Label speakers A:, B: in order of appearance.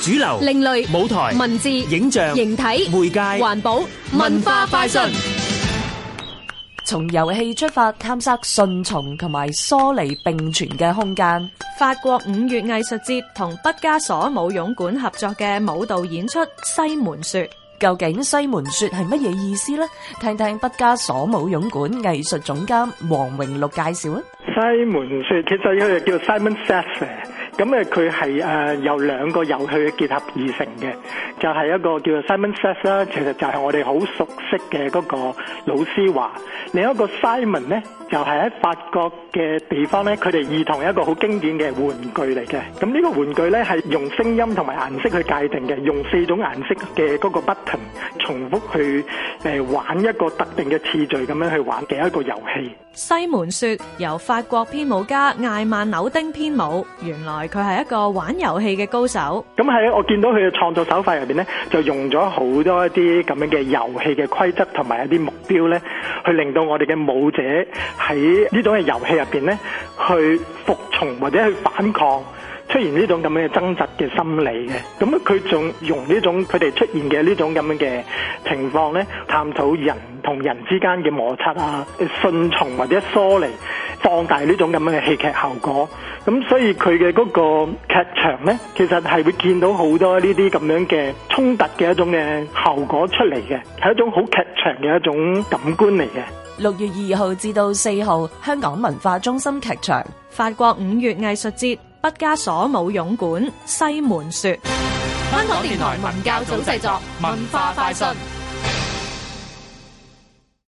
A: 主流、另類舞台、文字、影像、形體、媒介、環保、文化快訊。從遊戲出發，探索順從同埋疏離並存嘅空間。法國五月藝術節同畢加索舞踊館合作嘅舞蹈演出《西門說》，究竟《西門說》係乜嘢意思呢？聽聽畢加索舞踊館藝術總監王榮祿介紹。
B: 西門說，其實佢係叫 Simon Says。咁誒，佢係誒由兩個遊戲結合而成嘅，就係一個叫做 Simon Says 啦，其實就係我哋好熟悉嘅嗰個老師話。另一個 Simon 咧，就係喺法國嘅地方咧，佢哋兒童有一個好經典嘅玩具嚟嘅。咁呢個玩具咧係用聲音同埋顏色去界定嘅，用四種顏色嘅嗰個 button 重複去誒玩一個特定嘅次序咁樣去玩嘅一個遊戲。
A: 西門説由法國編舞家艾曼紐丁編舞，原來，佢係一個玩遊戲嘅高手。
B: 咁喺我見到佢嘅創作手法入邊呢，就用咗好多一啲咁樣嘅遊戲嘅規則同埋一啲目標呢，去令到我哋嘅舞者喺呢種嘅遊戲入邊呢，去服從或者去反抗，出現呢種咁樣嘅掙扎嘅心理嘅。咁佢仲用呢種佢哋出現嘅呢種咁樣嘅情況呢，探討人同人之間嘅摩擦啊、順從或者疏離。放大呢種咁樣嘅戲劇效果，咁所以佢嘅嗰個劇場呢，其實係會見到好多呢啲咁樣嘅衝突嘅一種嘅效果出嚟嘅，係一種好劇場嘅一種感官嚟嘅。
A: 六月二號至到四號，香港文化中心劇場，法國五月藝術節，畢加索舞俑館，西門雪，香港電台文教組製作，文化快訊。